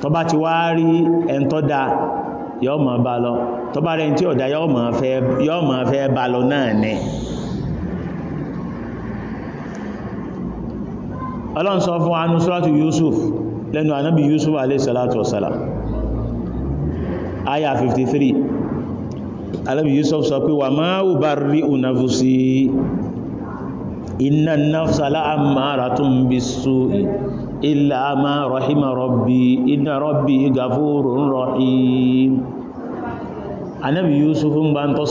tó bá ti wá rí ẹn tó da yọ́ mọ̀ bá lọ tó bá rẹ̀ tí ọ̀dá yọ́ mọ̀ fẹ́ bá lọ náà nẹ ọlọ́run sọ fún anú suratu Yusuf lẹ́nu ànábì Yusuf alayhi salatu wassalam aya 53 alábi Yusuf sọ pé wà máa ò bá rí ònàfú sí inna nafsala ammaratun bis-su'i illa ma rahima rabbi inna rabbi gafurun rahim anábi yusuf ń gba ń tó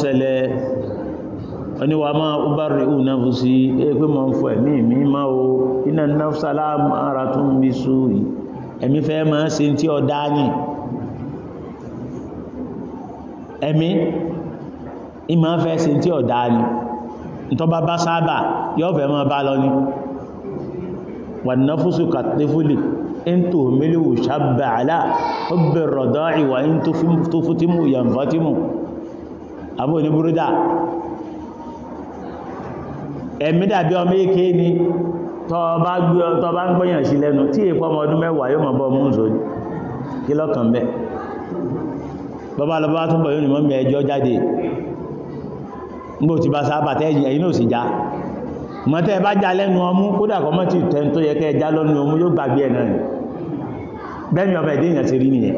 oníwà máa ubari unafusi ẹgbẹ́ mọ́ fún ẹ̀mí máa o inna nafsa la amaratun bisu'i ẹ̀mí fẹ́ máa ṣe tí ọ dáyìn ẹ̀mí ìmọ̀ fẹ́ ṣe tí ọ dáyìn tó bá bá sábà yóò fẹ́ máa bá lọ والنفس كالطفل إن تهمله شب على حب الرضاع وإن تفتم ينفتم أبو نبردا ẹ̀mí dàbí ọmọ èké ni tọba ń gbọ́yàn sí lẹ́nu tí èkó ọmọ ọdún mẹ́wàá yóò mọ̀ bọ́ mú ǹsọ́ kí lọ́kàn bẹ́ bọ́bá lọ́bá mọ̀tẹ́ bá já lẹ́nu ọmú kódà kọ́ mọ́ ti tẹ́ tó yẹ kẹ́ já lọ́nu ọmú yóò gbàgbé ẹ̀ náà ni bẹ́ẹ̀ni ọmọ ẹ̀dẹ́ èèyàn ti rí nìyẹn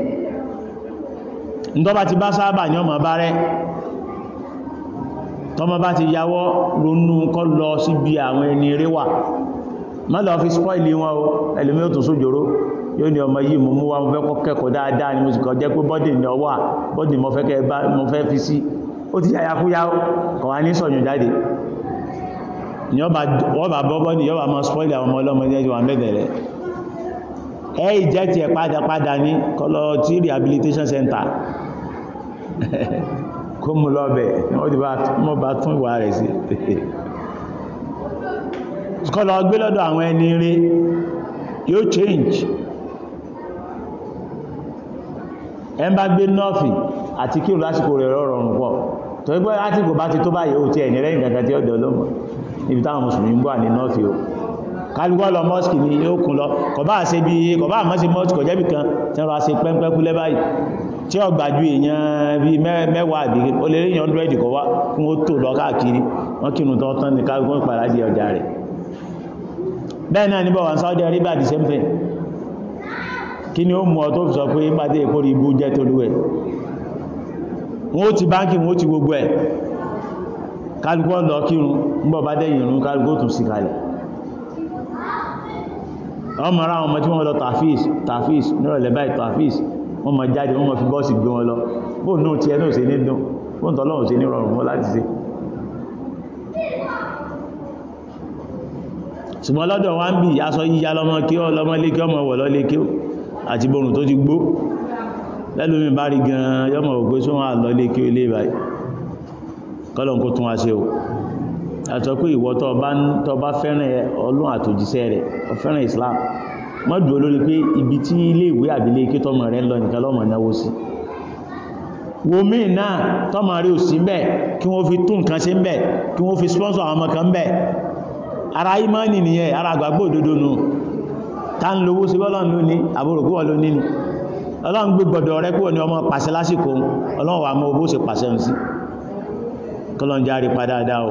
ǹdọ́bá ti bá sáábà ní ọmọ bá rẹ́ tọmọ bá ti yàwọ́ ronú kọ́ lọ síbi àwọn ẹni eré wà má lọ fi wọn o ẹlòmí ò sójòrò yóò ní ọmọ yìí mo mú wa mo fẹ́ kọ́ kẹ́kọ̀ọ́ dáadáa ni mo sì kọ́ jẹ́ pé bọ́dì ní ọwọ́ bọ́dì mo fẹ́ fi sí ó ti yàyàkúyà kọ̀ wá ní sọ̀yùn jáde ni ọba bọ́bọ́ ni yọba mọ́ spoil àwọn ọmọ ọlọ́mọ ilẹ̀ ìjọba mẹ́bẹ̀rẹ̀ ẹ ìjẹ́tì ẹ̀ padàpadà ní kọlọ tí rehabilitation center <laughs> kó mú lọ́bẹ̀ wọ́n bá tún ìwà rẹ̀ sí <laughs> kọlọ gbé lọ́dọ̀ àwọn ẹni rí yóò change ẹ ń bá gbé nọ́ọ̀fì àti kí o lásìkò rẹ̀ rọrùn pọ̀ tó gbọ́ lásìkò bá ti tó báyìí ó ti ẹ̀ nílẹ̀ ìgbàgbà tí ọ̀dọ̀ lọ́mọ níbi táwọn mùsùlùmí ń bọ́ ní nọ́ọ̀fì o kálukọ́ lọ mọ́sìkì ni yóò kún lọ kọ̀bá àṣẹ bí i kọ̀bá àmọ́sí mọ́sìkì kọ̀jẹ́ bì kan tí wọ́n ṣe pẹ́ńpẹ́ kúlẹ́ báyìí tí ó gbàjú èèyàn bí mẹ́wàá àbí ó lè ríyàn dúrẹ́dì kọ́ wá fún ó tò lọ káàkiri wọ́n Saudi Arabia the same thing kí ni ó mú ọ tó fi sọ pé pàdé wọ́n ti báńkì wọ́n ti gbogbo ẹ̀ kálukú lọ kírun nígbọ́ bá dẹ̀yìn ìrun kálukú tún sí kalẹ̀ ọmọ ara ọmọ tí wọ́n lọ tàfíìs tàfíìs nírọ̀lẹ́ báyìí tàfíìs wọ́n mọ jáde wọ́n mọ fi bọ́ọ̀sì gbé wọn lọ bóun náà tiẹ̀ náà ṣe ní dùn bóun tọ́lọ́run ṣe ní rọrùn wọn láti ṣe ṣùgbọ́n lọ́dọ̀ wá ń bí aṣọ yíya lọ́mọ kí ọ lọ́mọ lé kí ọmọ wọ̀ lọ lé kí ó àti borùn tó ti gbó lẹ́lómi bá rí gan yọmọ ògbé sóhun àlọ́lé kí ó lé báyìí kọ́lọ̀ kó tún wá ṣe o àtọ́ pé ìwọ tó bá fẹ́ràn ọlọ́run àtòjíṣẹ́ rẹ̀ ó fẹ́ràn Islam má dúró lórí pé ibi tí ilé ìwé àbílé kí tọmọ rẹ̀ lọ nìkan lọ́mọ náwó sí wo míì náà tọmọ rẹ̀ ò sí mbẹ̀ kí wọ́n fi tún nǹkan ṣe mbẹ̀ kí wọ́n fi sponsor àwọn ọmọ kan mbẹ̀ ara imani nìyẹn ara àgbàgbọ́ òdodo nù ta ń lówó sí bọ́lọ̀ ló ní àbúròkú wọn ló ní ni ọlọ́run gbé gbọ́dọ̀ rẹ̀ kúrò ní ọmọ pàṣẹ lásìkò ọlọ́run wà mọ́ owó se pàṣẹ sí kọ́lọ́n járe padàdá o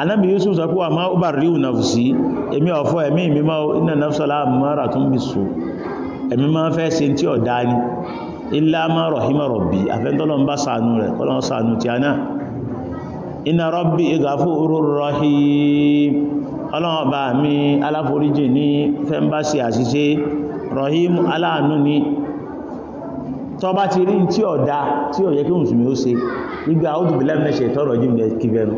anábi yusuf sọ pé wà máa ó bà rí ò náà sí èmi ọ̀fọ́ ẹ̀mí mi máa iná náà sọ́lá mọ́ra tún bí sùn ẹ̀mí máa fẹ́ ṣe tí ọ̀dá ni ilá máa rọ̀hímọ̀ rọ̀bí afẹ́ntọ́lọ́n bá sànú rẹ̀ kọ́lọ́n sànú ti aná iná rọ́bí ìgàfó rọ́rọ́hí ọlọ́run tó bá ti rí tí ọ̀dá tí ò yẹ kí mùsùlùmí ó ṣe nígbà àúdùbìlẹ́mìnà ṣètọ́rọ̀ jí ilẹ̀ kíbẹ̀nu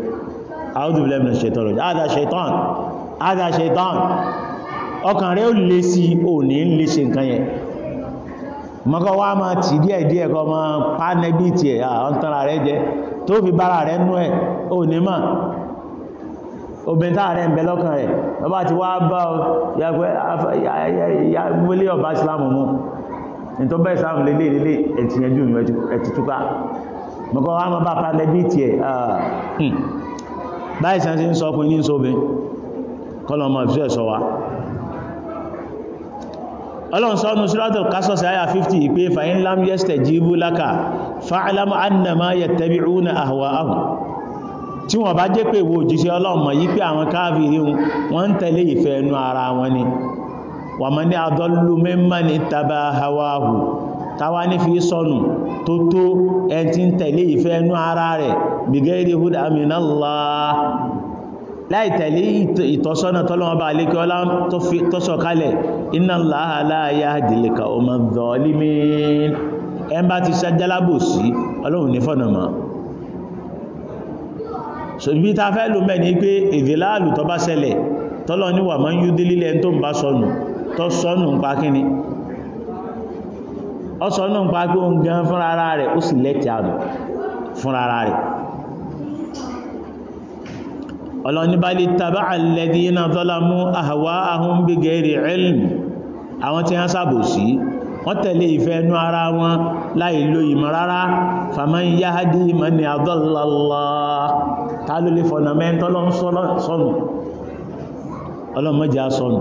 àúdùbìlẹ́mìnà ṣètọ́rọ̀ jí àdá ṣètọ́n àdá ṣètọ́n ọkàn rẹ̀ ó lè sí òní ń lè ṣe nǹkan yẹn mọ́kọ́ wá máa tì díẹ̀ díẹ̀ kọ́ máa pa nẹ́bí tiẹ̀ ọ̀ntara rẹ̀ jẹ́ tó fi bára rẹ̀ nú ẹ̀ òní mà obìnrin táà rẹ̀ ń bẹ lọ́kàn rẹ̀ ọba ti wá bá ọ yàgbé ilé ọba ìsìlámù mú nítorí bẹ́ẹ̀ sáàmù lélé lélé ẹ̀tìyànjú ẹ̀tìtúká mọ́kọ́ wá mọ́ bá pa lẹ́bí tí ẹ̀ ah. hmm. báyìí sáà sí ń sọ pín ní sóbi kọ́lọ̀ mọ̀ fíṣẹ́ sọ wa ọlọ́run sọ́nu sílátọ̀ àyà 50 pé fàyín lam yẹ́sẹ̀ jíbú láka fa'alamu annama yattabi'una ahwa'ahum tí wọ́n bá jẹ́ pé ìwò òjíṣẹ́ ọlọ́run mọ̀ yí pé àwọn káàfì wà mọ́ ní adọ́lú mẹ́mọ́ ní tàbá hawahu tàwà ní fi sọnù tó tó ẹn tí ń tẹ̀lé ìfẹ́ ẹnu ara rẹ̀ bigayri huda minallah láì tẹ̀lé ìtọ́sọ́nà tọ́lọ́wọ́n bá lékẹ́ ọlá tó sọ̀kalẹ̀ ta fẹ́ lò mẹ́ ní pé ìdíláàlù tó bá ṣẹlẹ̀ tọ́lọ́ ní wà mọ́ tó ń bá sọnù tó sọ́nù ń pa kíni ọ sọ́nù ń pa pé ó ń gan fúnra ara rẹ̀ ó sì lẹ́tì àdù fúnra ara rẹ̀ ọlọ́ni bá lè tàbá àlẹ́dí iná tọ́lá mú àhàwá ahun bí gẹ̀ẹ́rì ẹ̀lìn àwọn tí wọ́n sàbò sí wọ́n tẹ̀lé ìfẹ́ ẹnu ara wọn láì lo ìmọ̀ rárá fàmọ́ yá hádí ìmọ̀ ni àdọ́lọ́lọ́ ta ló lè fọ̀nà mẹ́ntọ́lọ́ sọ́nù ọlọ́mọdé asọ́nù